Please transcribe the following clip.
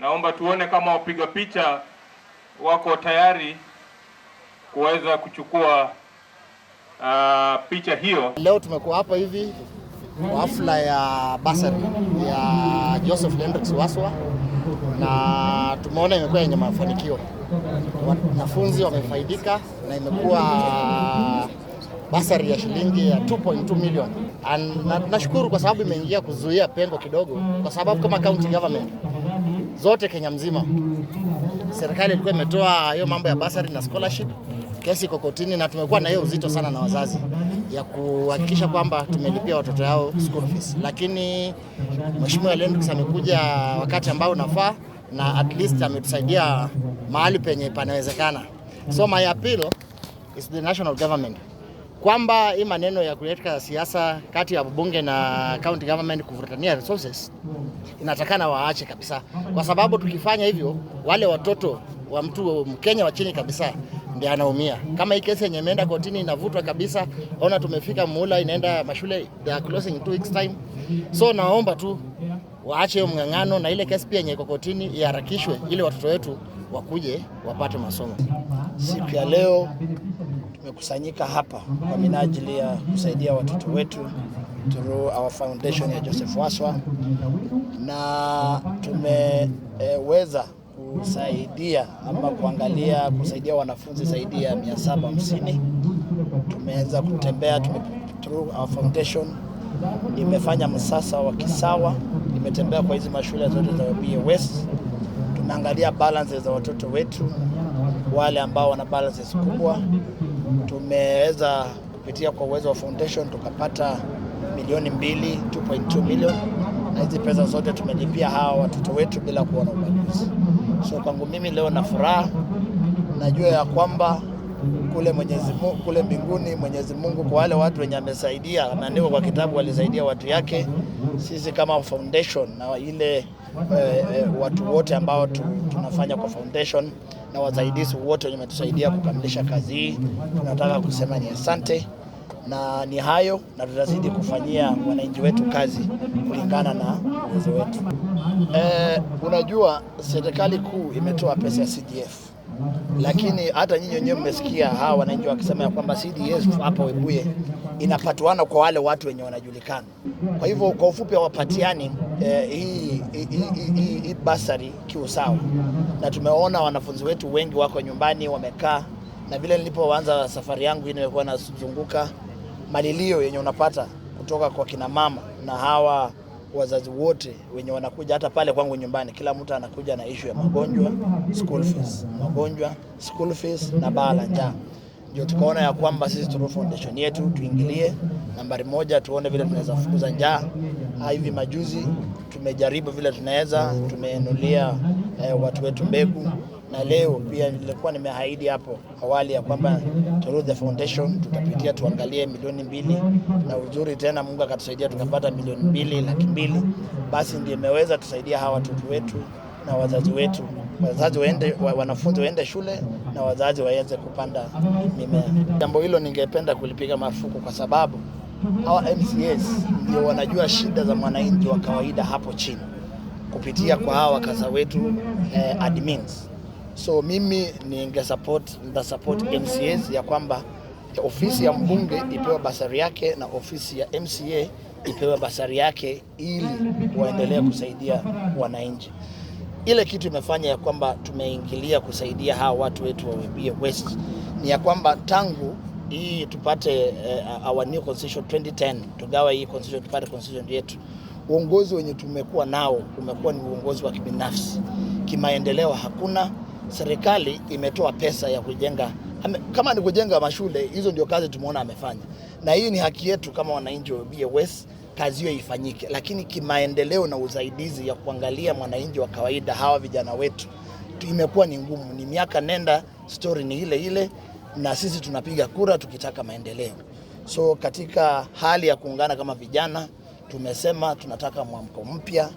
Naomba tuone kama wapiga picha wako tayari kuweza kuchukua uh, picha hiyo. Leo tumekuwa hapa hivi kwa hafla ya basari ya Joseph hendrix Waswa na tumeona imekuwa yenye mafanikio, wanafunzi wamefaidika na imekuwa basari ya shilingi ya 2.2 million na kwa sababu imeingia kuzuia pengo kidogo, kwa sababu kama county government zote Kenya mzima. Serikali ilikuwa imetoa hiyo mambo ya basari na scholarship, kesi iko kotini, na tumekuwa na hiyo uzito sana na wazazi ya kuhakikisha kwamba tumelipia watoto yao school fees, lakini Mheshimiwa Lennox amekuja wakati ambao unafaa na at least ametusaidia mahali penye panawezekana. So my appeal is the national government kwamba hii maneno ya kuleta siasa kati ya bunge na county government kuvutania resources inatakana waache kabisa, kwa sababu tukifanya hivyo wale watoto wa mtu Mkenya wa chini kabisa ndiye anaumia. Kama hii kesi yenye imeenda kotini inavutwa kabisa, ona tumefika muhula inaenda mashule, they are closing in two weeks time. So naomba tu waache hiyo mng'ang'ano na ile kesi pia yenye iko kotini iharakishwe ili watoto wetu wakuje wapate masomo. Siku ya leo tumekusanyika hapa kwa minajili ya kusaidia watoto wetu through our foundation ya Joseph Waswa, na tumeweza e, kusaidia ama kuangalia kusaidia wanafunzi zaidi ya 750 tumeweza kutembea tume, through our foundation imefanya msasa wa Kisawa, imetembea kwa hizi mashule zote za Webuye West tunaangalia balances za watoto wetu, wale ambao wana balances kubwa. Tumeweza kupitia kwa uwezo wa foundation tukapata milioni mbili, 2.2 million, na hizi pesa zote tumelipia hawa watoto wetu bila kuona ubaguzi. So kwangu mimi leo na furaha, najua ya kwamba kule Mwenyezi Mungu, kule mbinguni Mwenyezi Mungu kwa wale watu wenye amesaidia, anaandika kwa kitabu, walisaidia watu yake. Sisi kama foundation na ile e, watu wote ambao tunafanya kwa foundation na wasaidizi wote wenye wametusaidia kukamilisha kazi hii, tunataka kusema ni asante na ni hayo, na tutazidi kufanyia wananchi wetu kazi kulingana na uwezo wetu. E, unajua serikali kuu imetoa pesa ya CDF lakini hata nyinyi wenyewe mmesikia hawa wananchi wakisema ya kwamba CDF hapa Webuye inapatuana kwa wale watu wenye wanajulikana. Kwa hivyo kwa ufupi hawapatiani eh, hii hi, hi, hi, hi basari kiusawa, na tumeona wanafunzi wetu wengi wako nyumbani wamekaa, na vile nilipoanza safari yangu hii nimekuwa nazunguka, malilio yenye unapata kutoka kwa kinamama na hawa wazazi wote wenye wanakuja hata pale kwangu nyumbani, kila mtu anakuja na issue ya magonjwa, school fees, magonjwa, school fees na baa la njaa. Ndio tukaona ya kwamba sisi Turufu Foundation yetu tuingilie nambari moja, tuone vile tunaweza fukuza njaa. Hivi majuzi tumejaribu vile tunaweza, tumeenulia eh, watu wetu mbegu na leo pia nilikuwa nimeahidi hapo awali ya kwamba Torudi the Foundation tutapitia tuangalie milioni mbili, na uzuri tena Mungu akatusaidia tukapata milioni mbili laki mbili, basi ndio imeweza tusaidia hawa watoto wetu na wazazi wetu, wazazi waende, wanafunzi waende shule na wazazi waweze kupanda mimea. Jambo hilo ningependa kulipiga marufuku kwa sababu hawa MCAs ndio wanajua shida za mwananchi wa kawaida hapo chini kupitia kwa hawa wakasa wetu eh, admins So mimi ninge support, nda support MCAs ya kwamba ofisi ya mbunge ipewe basari yake na ofisi ya MCA ipewe basari yake ili waendelee kusaidia wananchi. Ile kitu imefanya ya kwamba tumeingilia kusaidia hawa watu wetu wa Webuye West ni ya kwamba tangu hii tupate uh, our new constitution 2010 tugawa hii constitution tupate constitution yetu, uongozi wenye tumekuwa nao umekuwa ni uongozi wa kibinafsi, kimaendeleo hakuna serikali imetoa pesa ya kujenga kama ni kujenga mashule, hizo ndio kazi tumeona amefanya, na hii ni haki yetu kama wananchi wa BOS, kazi hiyo ifanyike. Lakini kimaendeleo na usaidizi ya kuangalia mwananchi wa kawaida, hawa vijana wetu, imekuwa ni ngumu, ni miaka nenda, story ni ile ile, na sisi tunapiga kura tukitaka maendeleo. So katika hali ya kuungana kama vijana, tumesema tunataka mwamko mpya,